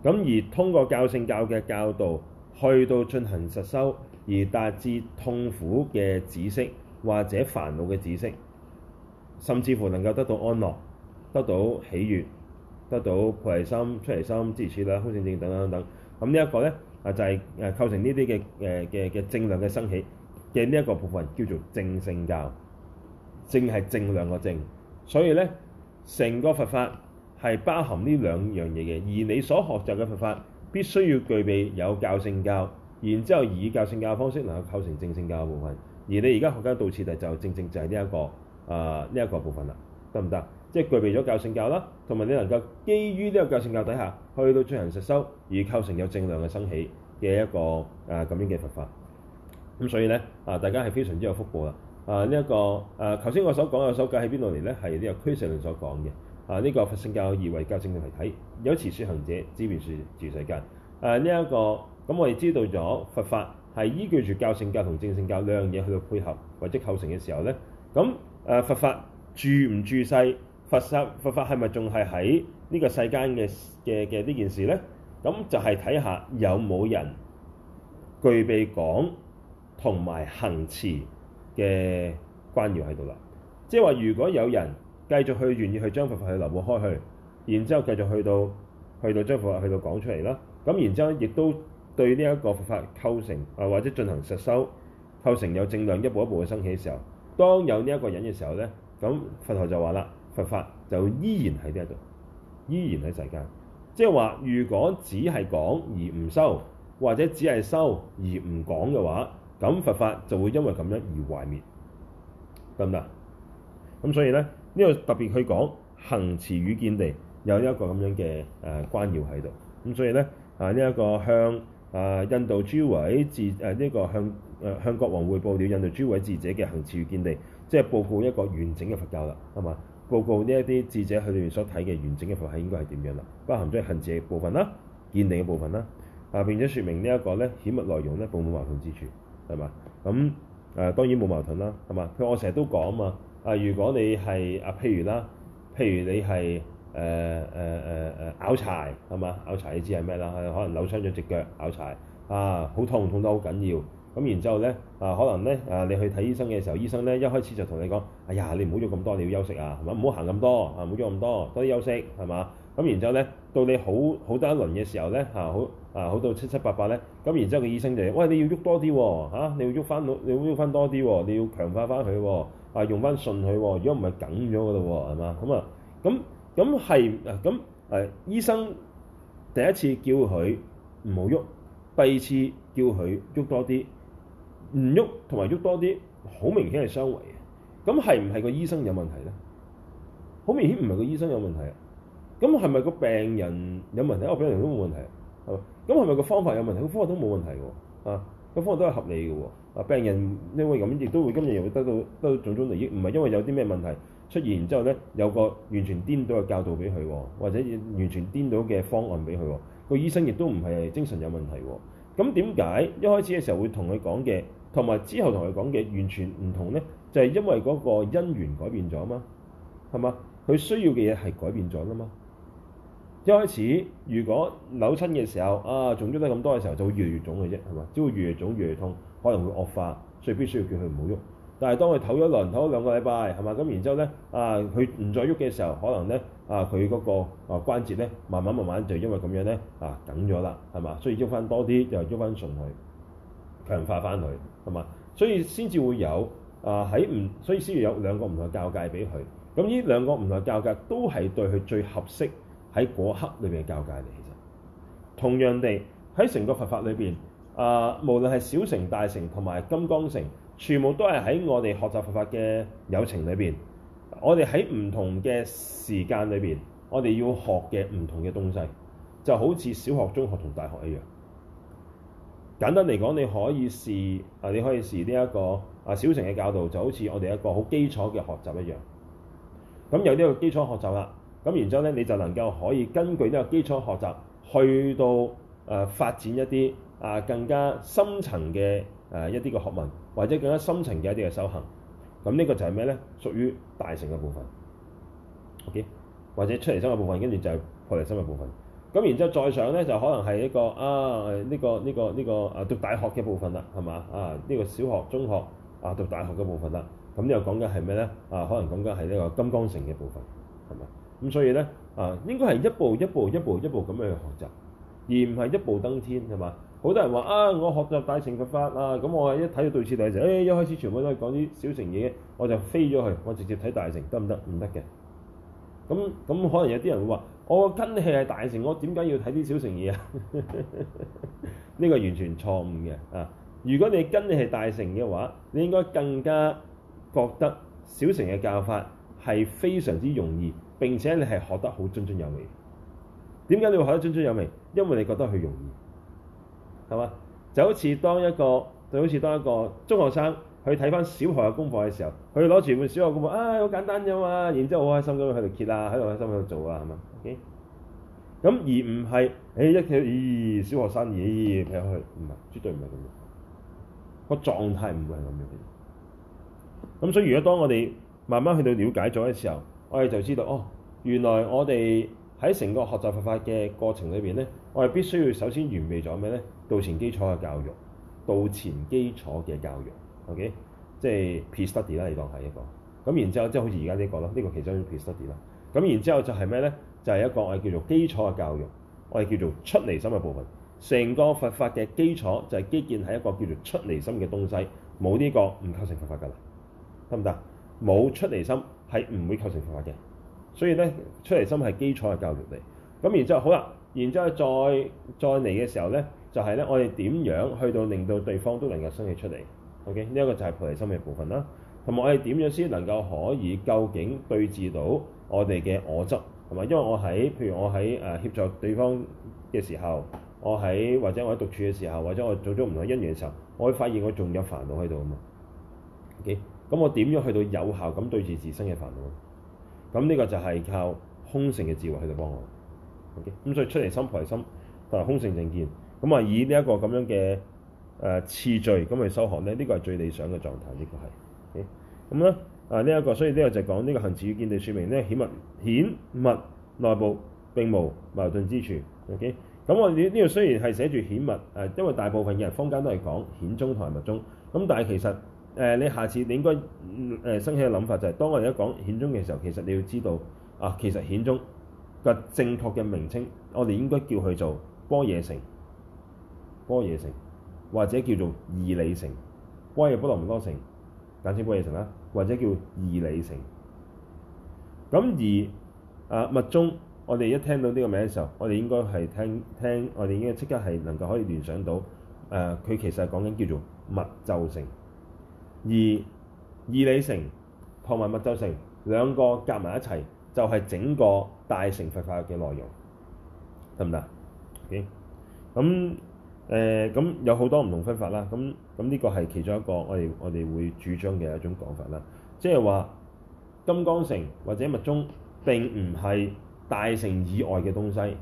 咁而通過教性教嘅教導去到進行實修，而達至痛苦嘅知識或者煩惱嘅知識。甚至乎能夠得到安樂、得到喜悅、得到菩提心、出離心、支持力、空性正等等等咁呢一個咧啊，就係、是、誒構成呢啲嘅誒嘅嘅正量嘅生起嘅呢一個部分叫做正性教，正係正量個正。所以咧，成個佛法係包含呢兩樣嘢嘅。而你所學習嘅佛法必須要具備有教性教，然之後以教性教嘅方式能夠構成正性教嘅部分。而你而家學緊道次第、就是，就正正就係呢一個。啊！呢、這、一個部分啦，得唔得？即係具備咗教性教啦，同埋你能夠基於呢個教性教底下去到進行實修，而構成有正量嘅生起嘅一個啊咁樣嘅佛法。咁所以咧啊，大家係非常之有福報啦！啊，呢、這、一個啊，頭先我所講嘅首偈喺邊度嚟咧？係呢個俱舍論所講嘅。啊，呢這個，啊、這個佛聖教以為教性嘅題體，有持説行者之間之間之間，此便住世間。誒、這個，呢一個咁我哋知道咗佛法係依據住教性教同正性教兩樣嘢去到配合或者構成嘅時候咧，咁。誒、啊、佛法住唔住世？佛法佛法係咪仲係喺呢個世間嘅嘅嘅呢件事咧？咁就係睇下有冇人具備講同埋行持嘅關要喺度啦。即係話，如果有人繼續去願意去將佛法去流布開去，然之後繼續去到去到將佛法去到講出嚟啦，咁然之後亦都對呢一個佛法構成啊，或者進行實修構成有正量一步一步嘅生起嘅時候。當有呢一個人嘅時候咧，咁佛陀就話啦，佛法就依然喺呢一度，依然喺世界。」即係話，如果只係講而唔修，或者只係修而唔講嘅話，咁佛法就會因為咁樣而壞滅，得唔得？咁所以咧，呢度特別去講行持與見地有一個咁樣嘅誒關要喺度。咁所以咧啊呢一個向啊印度諸位智誒呢個向。向國王匯報了印度諸位智者嘅行持與見地，即係報告一個完整嘅佛教啦，係嘛？報告呢一啲智者佢哋所睇嘅完整嘅佛教應該係點樣啦？包含咗行持嘅部分啦，見地嘅部分啦，啊，並且説明這呢一個咧顯密內容咧，有冇矛盾之處係、嗯啊、嘛？咁誒當然冇矛盾啦，係嘛？佢我成日都講啊嘛，啊如果你係啊，譬如啦，譬如你係誒誒誒誒拗柴係嘛？拗柴你知係咩啦？係、啊、可能扭傷咗隻腳拗柴啊，好痛，痛得好緊要。咁然之後咧，啊可能咧，啊你去睇醫生嘅時候，醫生咧一開始就同你講：哎呀，你唔好喐咁多，你要休息啊，係嘛？唔好行咁多，啊唔好喐咁多，多啲休息，係嘛？咁然之後咧，到你好好多一輪嘅時候咧，嚇好，啊好到七七八八咧，咁然之後個醫生就：喂，你要喐多啲喎、嚇，你要喐翻你要喐翻多啲喎，你要強化翻佢喎，啊用翻順佢，如果唔係梗咗嘅嘞，係嘛？咁啊，咁咁係，咁、啊啊、醫生第一次叫佢唔好喐，第二次叫佢喐多啲。唔喐同埋喐多啲，好明顯係相違嘅。咁係唔係個醫生有問題咧？好明顯唔係個醫生有問題啊。咁係咪個病人有問題？我、啊、病人都冇問題，係，咁係咪個方法有問題？個方法都冇問題喎。啊，個方法都係合理嘅喎。啊，病人你會咁，亦都會今日又會得到得到種種利益，唔係因為有啲咩問題出現，然之後咧有個完全顛倒嘅教導俾佢，或者完全顛倒嘅方案俾佢。個醫生亦都唔係精神有問題。咁點解一開始嘅時候會同佢講嘅？同埋之後同佢講嘅完全唔同咧，就係因為嗰個因緣改變咗啊嘛，係嘛？佢需要嘅嘢係改變咗啦嘛。一開始如果扭親嘅時候啊，仲喐得咁多嘅時候，就會越嚟越腫嘅啫，係嘛？只會越腫越嚟越痛，可能會惡化，所以必須要叫佢唔好喐。但係當佢唞咗一輪，唞咗兩個禮拜，係嘛？咁然之後咧啊，佢唔再喐嘅時候，可能咧啊佢嗰個啊關節咧，慢慢慢慢就因為咁樣咧啊緊咗啦，係嘛？所以喐翻多啲，就喐翻順佢強化翻佢。係嘛？所以先至會有啊喺唔，所以先要有兩個唔同嘅教界俾佢。咁呢兩個唔同嘅教界都係對佢最合適喺嗰刻裏邊嘅教界嚟。其實同樣地喺成個佛法裏邊，啊，無論係小乘、大乘同埋金剛乘，全部都係喺我哋學習佛法嘅友情裏邊。我哋喺唔同嘅時間裏邊，我哋要學嘅唔同嘅東西，就好似小學、中學同大學一樣。簡單嚟講，你可以試啊，你可以試呢一個啊小乘嘅教導，就好似我哋一個好基礎嘅學習一樣。咁有呢個基礎學習啦，咁然之後咧，你就能夠可以根據呢個基礎學習去到、呃、發展一啲啊、呃、更加深層嘅、呃、一啲嘅學問，或者更加深層嘅一啲嘅修行。咁呢個就係咩咧？屬於大乘嘅部分。OK，或者出離心嘅部分，跟住就係破離心嘅部分。咁然之後再上咧，就可能係一個啊呢個呢個呢個啊讀大學嘅部分啦，係嘛啊，呢個小學、中學啊讀大學嘅部分啦。咁又講緊係咩咧？啊，可能講緊係呢個金剛乘嘅部分，係嘛？咁所以咧啊，應該係一步一步、一步一步咁樣去學習，而唔係一步登天，係嘛？好多人話啊，我學習大乘佛法啊，咁我一睇到對此大乘誒，一開始全部都係講啲小乘嘢，我就飛咗去，我直接睇大乘得唔得？唔得嘅。咁咁可能有啲人會話。我根器係大乘，我點解要睇啲小乘嘢啊？呢 個完全錯誤嘅啊！如果你根你係大乘嘅話，你應該更加覺得小乘嘅教法係非常之容易，並且你係學得好津津有味。點解你會學得津津有味？因為你覺得佢容易，係嘛？就好似當一個就好似當一個中學生，去睇翻小學嘅功課嘅時候，佢攞住本小學功課啊，好、哎、簡單啫嘛。然之後好開心咁去度揭啊，喺度開心喺度做啊，係嘛？咁、okay? 而唔係，誒、哎、一睇，咦、哎、小學生咦睇下去，唔係絕對唔係咁樣。個狀態唔會係咁樣嘅。咁所以如果當我哋慢慢去到了解咗嘅時候，我哋就知道哦，原來我哋喺成個學習佛法嘅過程裏面咧，我哋必須要首先完備咗咩咧？道前基礎嘅教育，道前基礎嘅教育。OK，即係 peer study 啦，stud y, 你當係一個咁。然之後即係好似而家呢個咯，呢、這個其中 peer study 啦。咁然之後就係咩咧？就係、是、一個我哋叫做基礎嘅教育，我哋叫做出離心嘅部分。成個佛法嘅基礎就係基建喺一個叫做出離心嘅東西，冇呢個唔構成佛法㗎啦，得唔得？冇出離心係唔會構成佛法嘅，所以咧出離心係基礎嘅教育嚟。咁然之後好啦，然之後再再嚟嘅時候咧，就係咧我哋點樣去到令到對方都能夠生起出嚟。OK，呢一個就係菩提心嘅部分啦。同埋我係點樣先能夠可以究竟對治到我哋嘅我執？係嘛？因為我喺譬如我喺誒協助對方嘅時候，我喺或者我喺獨處嘅時候，或者我做咗唔同嘅因緣嘅時候，我會發現我仲有煩惱喺度啊嘛。咁、okay? 我點樣去到有效咁對治自身嘅煩惱？咁呢個就係靠空性嘅智慧去到幫我。OK，咁所以出離心、菩提心同埋空性正見，咁啊以呢一個咁樣嘅。誒次序咁去修學咧，呢、這個係最理想嘅狀態，呢、這個係咁咧。啊，呢、這、一個所以呢個就係講呢、這個行持與見地說明咧顯、這個、密顯密內部並無矛盾之處。O K，咁我哋呢度雖然係寫住顯密、啊，因為大部分嘅人坊間都係講顯宗同埋密宗。咁、嗯，但係其實、呃、你下次你應該、嗯呃、生升起嘅諗法就係、是、當我哋一講顯宗嘅時候，其實你要知道啊，其實顯宗嘅正確嘅名稱，我哋應該叫佢做波野城波野城。或者叫做二理乘，威也波羅蜜多乘，簡稱波耶乘啦。或者叫二理乘。咁而啊，密宗我哋一聽到呢個名嘅時候，我哋應該係聽聽，我哋應該即刻係能夠可以聯想到，誒、啊，佢其實係講緊叫做密咒乘，而二理乘同埋密咒乘兩個夾埋一齊，就係、是、整個大乘佛法嘅內容，得唔得咁。Okay? 嗯誒咁、呃、有好多唔同分法啦，咁咁呢個係其中一個我哋我哋會主張嘅一種講法啦，即係話金剛乘或者密宗並唔係大乘以外嘅東西，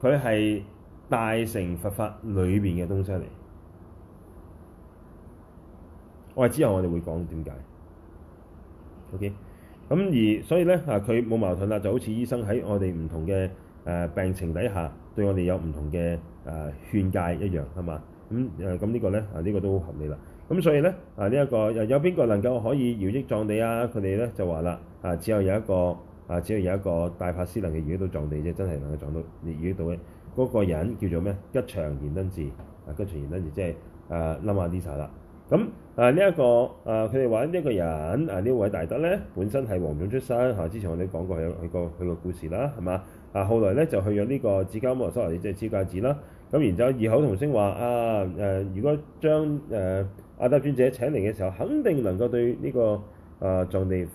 佢係大乘佛法裏面嘅東西嚟。我哋之後我哋會講點解。OK，咁而所以咧啊，佢冇矛盾啦，就好似醫生喺我哋唔同嘅病情底下對我哋有唔同嘅誒勸戒一樣係嘛，咁咁呢、啊這個咧啊呢個都好合理啦。咁所以咧啊呢一、這個有有邊個能夠可以饒益藏地啊？佢哋咧就話啦啊，只有有一個啊，只要有，有一個大法師能嘅饒益到藏地啫，真係能夠撞到饒益饒益到嘅嗰個人叫做咩？吉祥燃燈智，啊，吉祥燃燈智即係阿底峽啦。咁啊呢一、這個啊佢哋話呢一個人啊呢位大德咧本身係王種出身，啊、之前我哋講過佢有個故事啦係嘛。啊！後來咧就去咗呢個止迦摩羅室羅寺，即係超戒寺啦。咁、啊、然之後異口同聲話：啊誒、啊，如果將誒、啊、阿德尊者請嚟嘅時候，肯定能夠對呢、這個啊藏地誒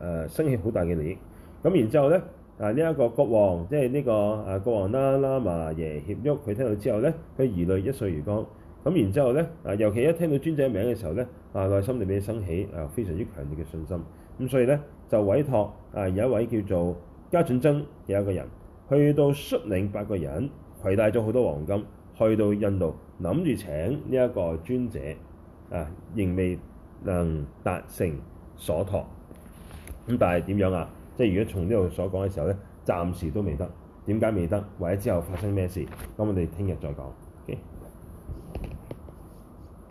誒升起好大嘅利益。咁然之後咧，啊呢一、這個國王即係呢、這個啊國王拉喇嘛耶協沃，佢聽到之後咧，佢疑慮一掃而光。咁然之後咧，啊尤其一聽到尊者名嘅時候咧，啊個心裡面升起啊非常之強烈嘅信心。咁所以咧就委託啊有一位叫做。嘉准僧有一個人，去到率領八個人，攜帶咗好多黃金，去到印度諗住請呢一個尊者，啊，仍未能達成所託。但係點樣啊？即係如果從呢度所講嘅時候呢，暫時都未得。點解未得？或者之後發生咩事？咁我哋聽日再講。